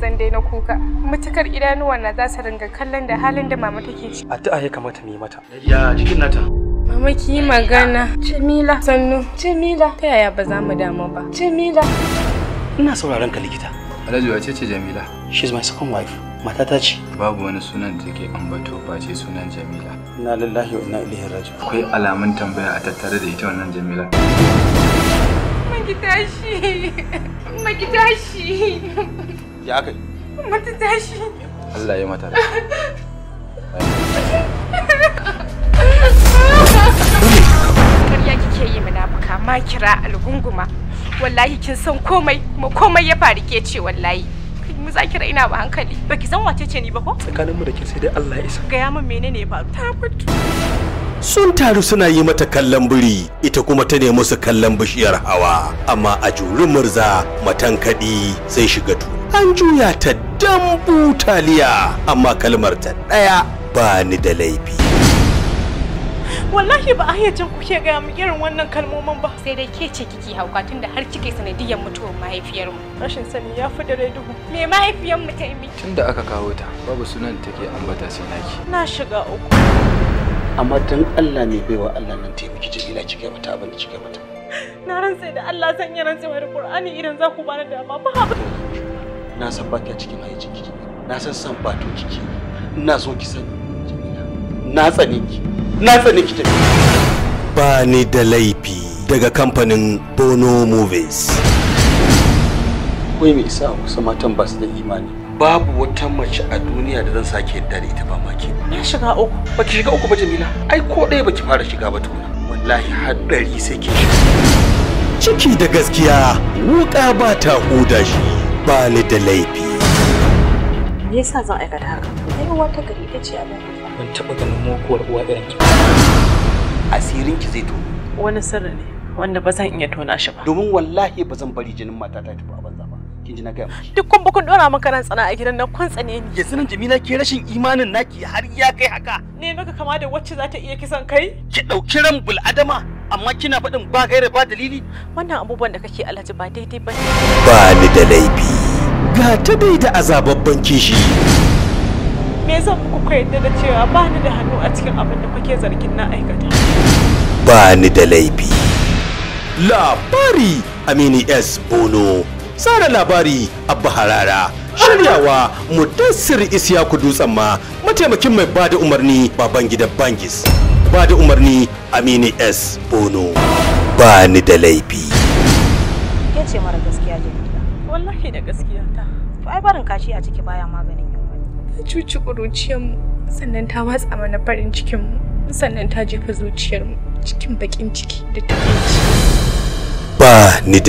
zan daina kuka mutukar idanuwan na za su ringa kallon da halin da mama take ciki addu'a ya kamata mu yi mata ya cikin nata mama ki magana jamila sannu jamila ta yaya ba za mu damu ba jamila ina sauraron ka likita alhaji wace ce jamila she's my second wife matata ce babu wani sunan da take ambato face sunan jamila inna lillahi wa inna ilaihi raji'un akwai alamun tambaya a tattare da ita wannan jamila Magitashi! Magitashi! Ya aka Mata tashi. Allah ya mata. Karya kike yi ma kira Wallahi kin san komai kuma komai wallahi. mu ba hankali. san wace ce Sun taru suna yi mata kallon biri ita kuma ta nemi su kallon bishiyar hawa amma a jurin murza kaɗi sai shiga tuni. an juya ta dambu taliya amma kalmar ta ɗaya ba ni da laifi wallahi ba ayyacin kuke gaya mu irin wannan kalmomin ba sai dai ke ce kiki hauka tunda har kike sanadiyar mutuwar mahaifiyarmu rashin sani ya fi dare duhu me mahaifiyarmu ta yi tunda aka kawo ta babu sunan take ambata sai naki na shiga uku amma don Allah ne baiwa Allah nan ta taimaki jigila cike mata abin da cike mata na rantse da Allah zan yi rantsewa da Qur'ani idan za ku bani dama ba na san ba a cikin hayyacin ciki na san san ba to ciki ina so ki san na tsane ki na tsane ki tafi ba ni da laifi daga kamfanin Bono Movies akwai mai isa kusa matan ba su da imani babu wata mace a duniya da zan sake yadda da ita ba ma ke na shiga uku Ba ki shiga uku ba Jamila ai ko ɗaya ki fara shiga ba tukuna wallahi haddari sai ke shiga ciki da gaskiya wuka ba ta huda shi ba ni da laifi me yasa zan aikata haka ai uwa ta gari ta ce abin ban taba ganin mokuwar uwa irin ki asirin ki zai to wani sirri ne wanda ba zan iya tona shi ba domin wallahi ba zan bari jinin matata ta ba banza ba kin ji na ga duk kun bukun dora maka ran tsana a gidan nan kun tsane ni yanzu nan Jamila ke rashin imanin naki har ya kai haka ne maka kama da wacce za ta iya kisan kai ki dauki ran bul adama amma kina faɗin ba gaira ba dalili wannan abubuwan da kake alhaji ba daidai ba ne. ba ni da laifi ta da azababban kishi me zan muku ku yadda da cewa ba ni da hannu a cikin abin da kuke zargin na aikata ba ni da laifi labari amini s bono tsara labari abba harara shiryawa mudassir isyaku dutsen ma mataimakin mai bada umarni baban gida bangis bada umarni amini s bono ba ni da laifi ke ce mara gaskiya ne. wallahi da gaskiya ta to ai barin kashi a ciki baya maganin yunwa ta cuci kuruciyar sannan ta watsa mana farin cikin sannan ta jefa zuciyar cikin bakin ciki da ta ba ni da